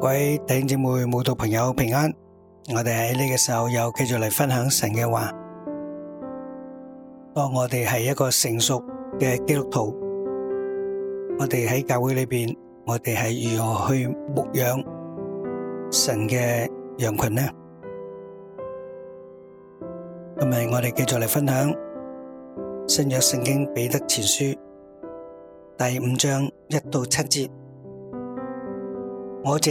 各位弟兄姊妹、慕道朋友平安，我哋喺呢個時候又繼續嚟分享神嘅話。當我哋係一個成熟嘅基督徒，我哋喺教會裏邊，我哋係如何去牧養神嘅羊群呢？咁咪我哋繼續嚟分享新約聖經彼得前書第五章一到七節。我這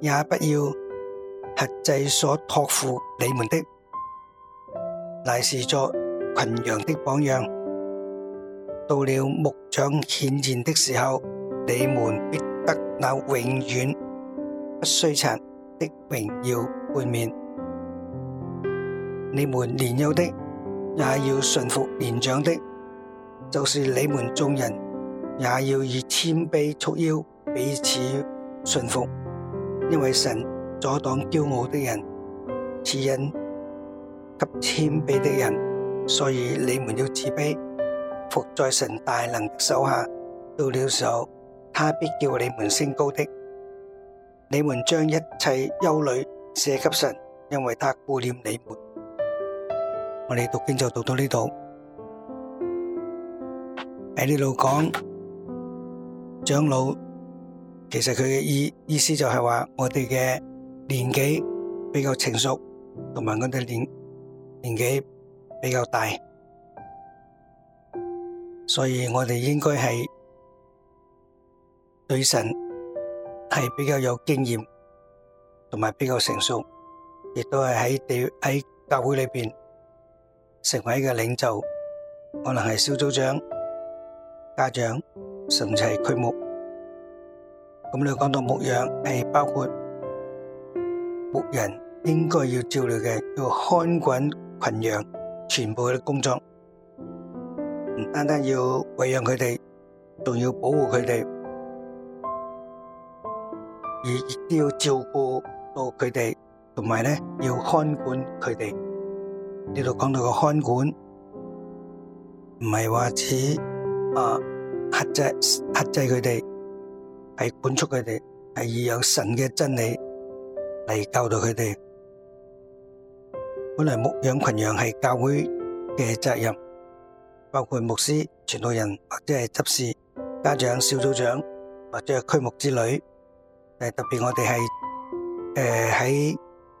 也不要轄制所託付你們的，乃是作群羊的榜樣。到了牧長顯現的時候，你們必得那永遠不衰殘的榮耀冠冕。你們年幼的也要順服年長的，就是你們眾人也要以謙卑束腰，彼此順服。因為神阻擋驕傲的人，賜恩給謙卑的人，所以你們要自卑，服在神大能的手下。到了時候，他必叫你們升高的。你們將一切憂慮卸給神，因為他顧念你們。我哋讀經就讀到呢度。喺呢度講長老。其實佢嘅意意思就係話我哋嘅年紀比較成熟，同埋我哋的年，年紀比較大，所以我哋應該係對神係比較有經驗，同埋比較成熟，亦都係喺地，喺教會裏面成為一個領袖，可能係小組長、家長，甚至係區牧。咁你講到牧養，係包括牧人應該要照料嘅、要看管群羊、全部嘅工作，唔單單要餵養佢哋，仲要保護佢哋，而亦都要照顧到佢哋，同埋咧要看管佢哋。呢度講到個看管，唔係話似啊克制克制佢哋。係管束佢哋，係以有神嘅真理嚟教導佢哋。本來牧養群羊係教會嘅責任，包括牧師、傳道人或者係執事、家長、小組長或者區牧之類。誒，特別我哋係誒喺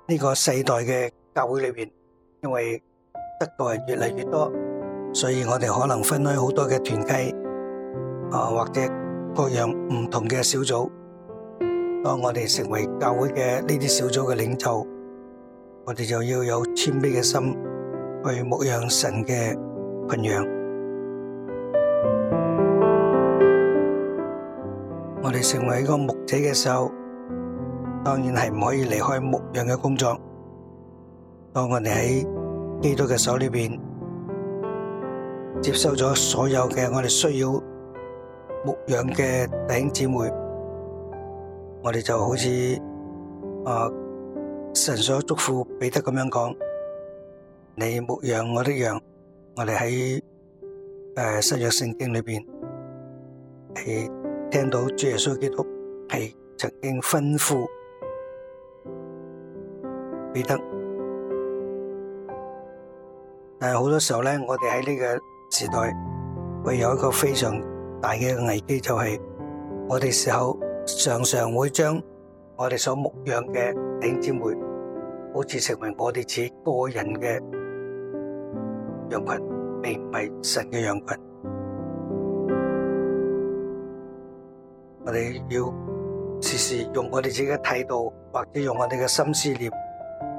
呢個世代嘅教會裏邊，因為得道人越嚟越多，所以我哋可能分開好多嘅團契啊，或者各樣唔同嘅小組，當我哋成為教會嘅呢啲小組嘅領袖，我哋就要有謙卑嘅心去牧養神嘅群羊。我哋成為一個牧者嘅時候，當然係唔可以離開牧養嘅工作。當我哋喺基督嘅手裏邊接受咗所有嘅我哋需要。牧養嘅弟兄姊妹，我哋就好似啊神所囑咐彼得咁樣講：你牧養我的羊。我哋喺誒新約聖經裏邊，係聽到主耶穌基督係曾經吩咐彼得。但係好多時候咧，我哋喺呢個時代會有一個非常。大嘅危機就係我哋時候常常會將我哋所牧養嘅弟兄姊妹，好似成為我哋自己個人嘅羊羣，並唔係神嘅羊羣。我哋要時時用我哋自己嘅態度，或者用我哋嘅心思念，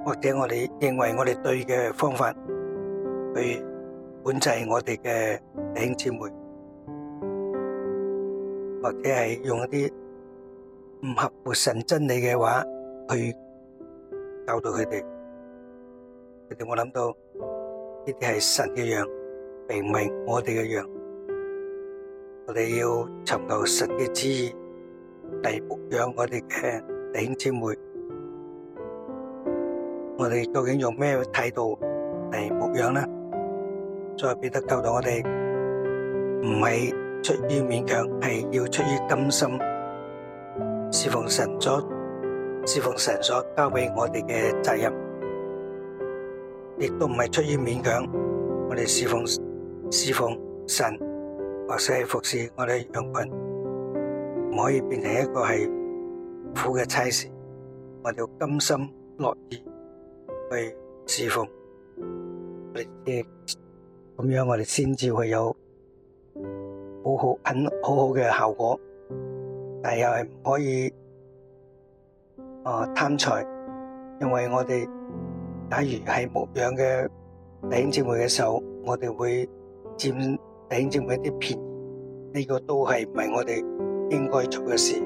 或者我哋認為我哋對嘅方法去管制我哋嘅弟兄姊妹。或者係用一啲唔合乎神真理嘅話去教導佢哋，我諗到呢啲係神嘅羊，並唔係我哋嘅羊。我哋要尋求神嘅旨意嚟牧養我哋嘅弟兄姊妹。我哋究竟用咩態度嚟牧養呢？再變得教導我哋唔係。出於勉強，係要出於甘心侍奉神，所侍奉神所交俾我哋嘅責任，亦都唔係出於勉強。我哋侍奉侍奉神，或者係服侍我哋嘅羊群，唔可以變成一個係苦嘅差事。我哋要甘心樂意去侍奉我哋嘅，咁樣我哋先至會有。好好很，很好好嘅效果，但又係唔可以啊貪財，因為我哋假如係牧養嘅弟兄姊妹嘅時候，我哋會佔弟兄姊妹啲便宜，呢、這個都係唔係我哋應該做嘅事。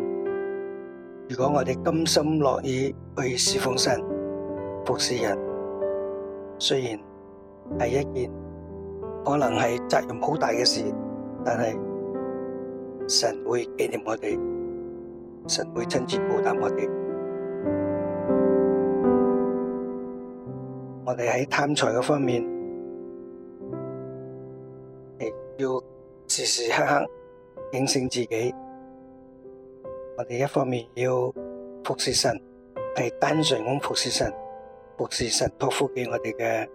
如果我哋甘心樂意去侍奉神、服侍人，雖然係一件可能係責任好大嘅事。但係神會紀念我哋，神會親自報答我哋。我哋喺貪財嘅方面，亦要時時刻刻警醒自己。我哋一方面要服侍神，係單純咁服侍神，服侍神託付俾我哋嘅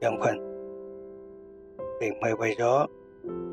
羊群，並唔係為咗。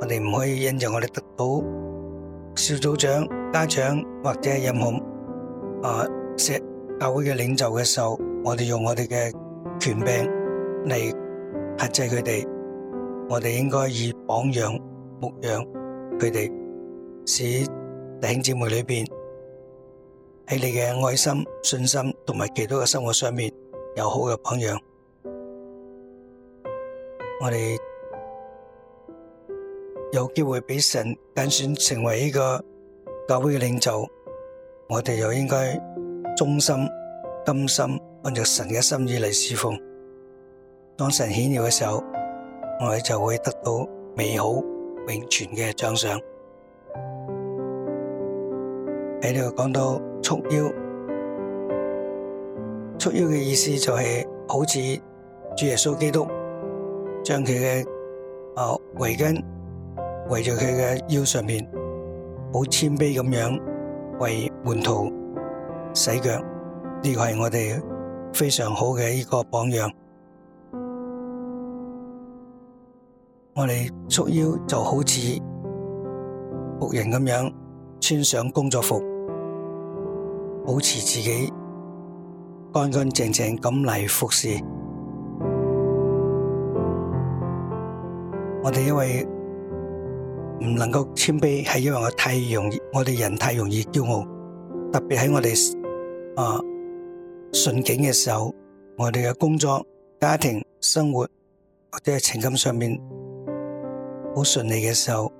我哋唔可以因着我哋得到小組長、家長或者任何啊社教會嘅領袖嘅時候，我哋用我哋嘅權柄嚟克制佢哋。我哋應該以榜樣牧養佢哋，使弟兄姊妹裏邊喺你嘅愛心、信心同埋其他嘅生活上面有好嘅榜樣。我哋。有機會俾神揀選成為呢個教會嘅領袖，我哋又應該忠心、甘心，按照神嘅心意嚟侍奉。當神顯耀嘅時候，我哋就會得到美好永存嘅獎賞。喺呢度講到束腰，束腰嘅意思就係好似主耶穌基督將佢嘅啊圍巾。圍住佢嘅腰上面，好謙卑咁樣為門徒洗腳，呢個係我哋非常好嘅一個榜樣。我哋束腰就好似僕人咁樣，穿上工作服，保持自己乾乾淨淨咁嚟服侍。我哋因為。唔能夠謙卑，係因為我太容易，我哋人太容易驕傲。特別喺我哋啊順境嘅時候，我哋嘅工作、家庭、生活或者係情感上面好順利嘅時候，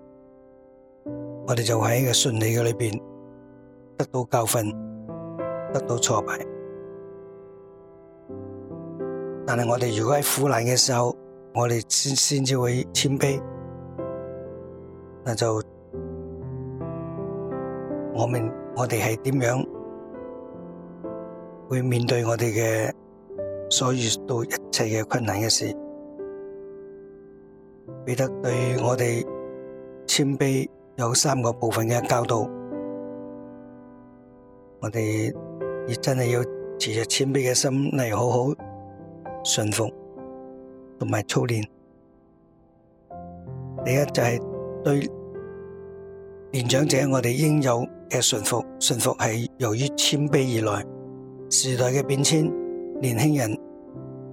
我哋就喺個順利嘅裏邊得到教訓、得到挫敗。但係我哋如果喺苦難嘅時候，我哋先先至會謙卑。那就我明我哋係點樣會面對我哋嘅所遇到一切嘅困難嘅事？彼得對我哋謙卑有三個部分嘅教導，我哋亦真係要持着謙卑嘅心嚟，好好順服同埋操練。第一就係。對年長者，我哋應有嘅順服，順服係由於謙卑而來。時代嘅變遷，年輕人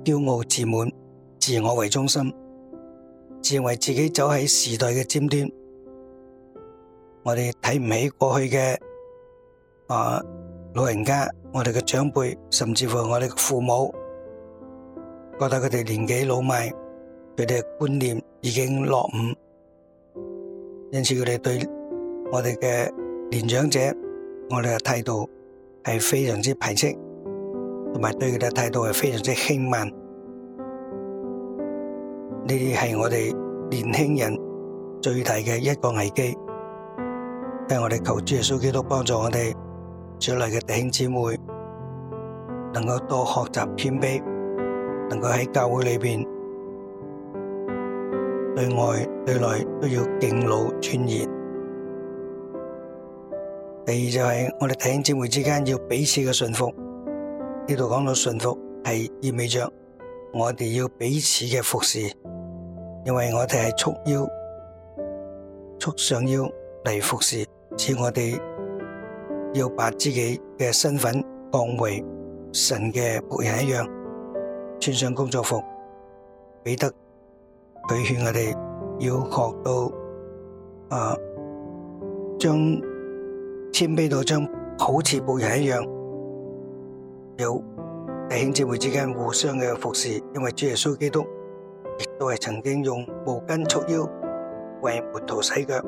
驕傲自滿，自我為中心，自認為自己走喺時代嘅尖端。我哋睇唔起過去嘅啊、呃、老人家，我哋嘅長輩，甚至乎我哋嘅父母，覺得佢哋年紀老邁，佢哋嘅觀念已經落伍。因此佢哋對我哋嘅年長者，我哋嘅態度係非常之排斥，同埋對佢哋嘅態度係非常之輕慢。呢啲係我哋年輕人最大嘅一個危機。所以我哋求主耶穌基督幫助我哋，出嚟嘅弟兄姊妹能夠多學習謙卑，能夠喺教會裏邊。對外、對內都要敬老尊賢。第二就係我哋弟兄姊妹之間要彼此嘅順服。呢度講到順服係意味著我哋要彼此嘅服侍，因為我哋係束腰，束上腰嚟服侍，似我哋要把自己嘅身份降為神嘅僕人一樣，穿上工作服，彼得。佢勸我哋要學到啊，將謙卑到將好似僕人一樣，有弟兄姊妹之間互相嘅服侍。因為主耶穌基督亦都係曾經用毛巾束腰，為門徒洗腳，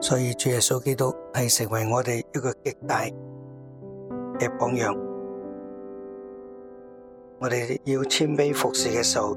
所以主耶穌基督係成為我哋一個極大嘅榜樣，我哋要謙卑服侍嘅時候。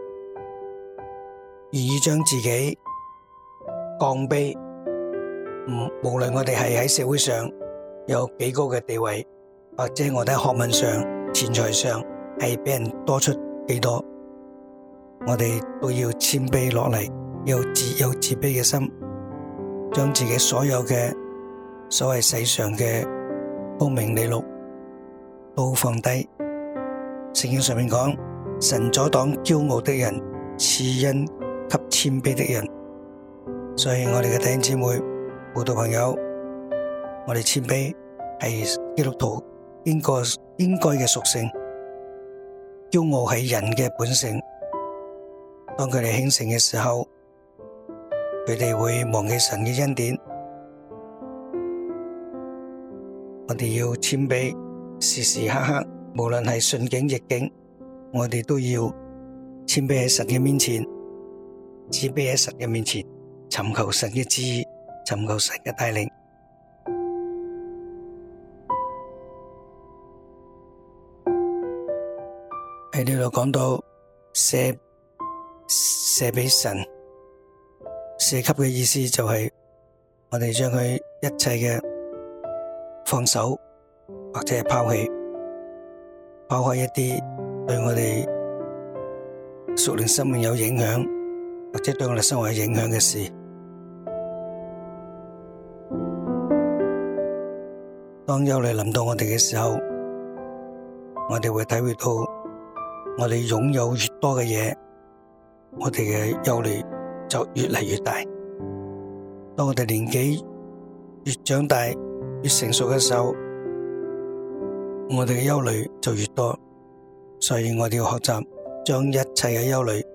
而願將自己降卑，無論我哋係喺社會上有幾高嘅地位，或者我哋喺學問上、錢財上係俾人多出幾多，我哋都要謙卑落嚟，有自有自卑嘅心，將自己所有嘅所謂世上嘅功名利禄都放低。聖經上面講：神阻擋驕傲的人，賜恩。謙卑的人，所以我哋嘅弟兄姊妹、慕道朋友，我哋謙卑係基督徒應該應該嘅屬性。驕傲係人嘅本性，當佢哋興盛嘅時候，佢哋會忘記神嘅恩典。我哋要謙卑，時時刻刻，無論係順境逆境，我哋都要謙卑喺神嘅面前。自卑喺神嘅面前，尋求神嘅旨意，尋求神嘅帶領。喺呢度講到捨，捨俾神，捨給嘅意思就係我哋將佢一切嘅放手，或者係拋棄，拋開一啲對我哋屬靈生命有影響。或者對我哋生活有影響嘅事，當憂慮臨到我哋嘅時候，我哋會體會到，我哋擁有越多嘅嘢，我哋嘅憂慮就越嚟越大。當我哋年紀越長大、越成熟嘅時候，我哋嘅憂慮就越多。所以我哋要學習將一切嘅憂慮。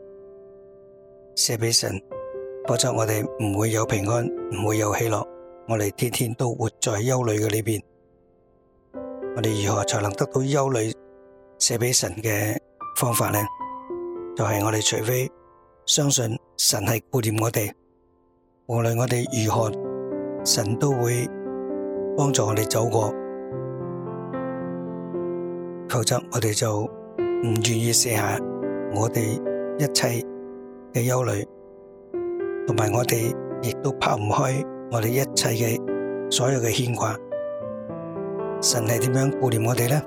寫俾神，否則我哋唔會有平安，唔會有喜樂，我哋天天都活在憂慮嘅裏邊。我哋如何才能得到憂慮寫俾神嘅方法呢？就係、是、我哋除非相信神係顧念我哋，無論我哋如何，神都會幫助我哋走過。否則我哋就唔願意寫下我哋一切。嘅憂慮，同埋我哋亦都拋唔開我哋一切嘅所有嘅牽掛。神係點樣顧念我哋咧？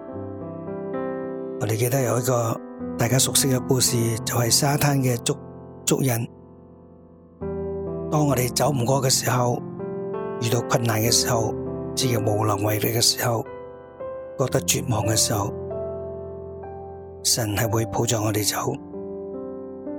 我哋記得有一個大家熟悉嘅故事，就係、是、沙灘嘅足足印。當我哋走唔過嘅時候，遇到困難嘅時候，自己無能為力嘅時候，覺得絕望嘅時候，神係會抱着我哋走。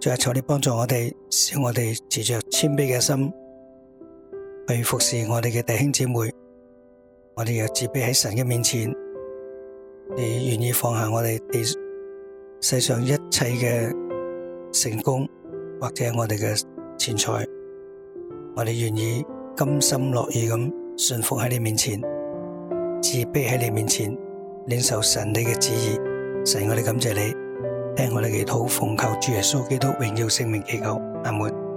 在坐，求你幫助我哋，使我哋持着謙卑嘅心去服侍我哋嘅弟兄姊妹。我哋又自卑喺神嘅面前，你願意放下我哋世上一切嘅成功或者我哋嘅錢財，我哋願意甘心樂意咁順服喺你面前，自卑喺你面前領受神你嘅旨意。神，我哋感謝你。聽我哋祈禱，奉求主耶穌基督榮耀聖名祈求。阿門。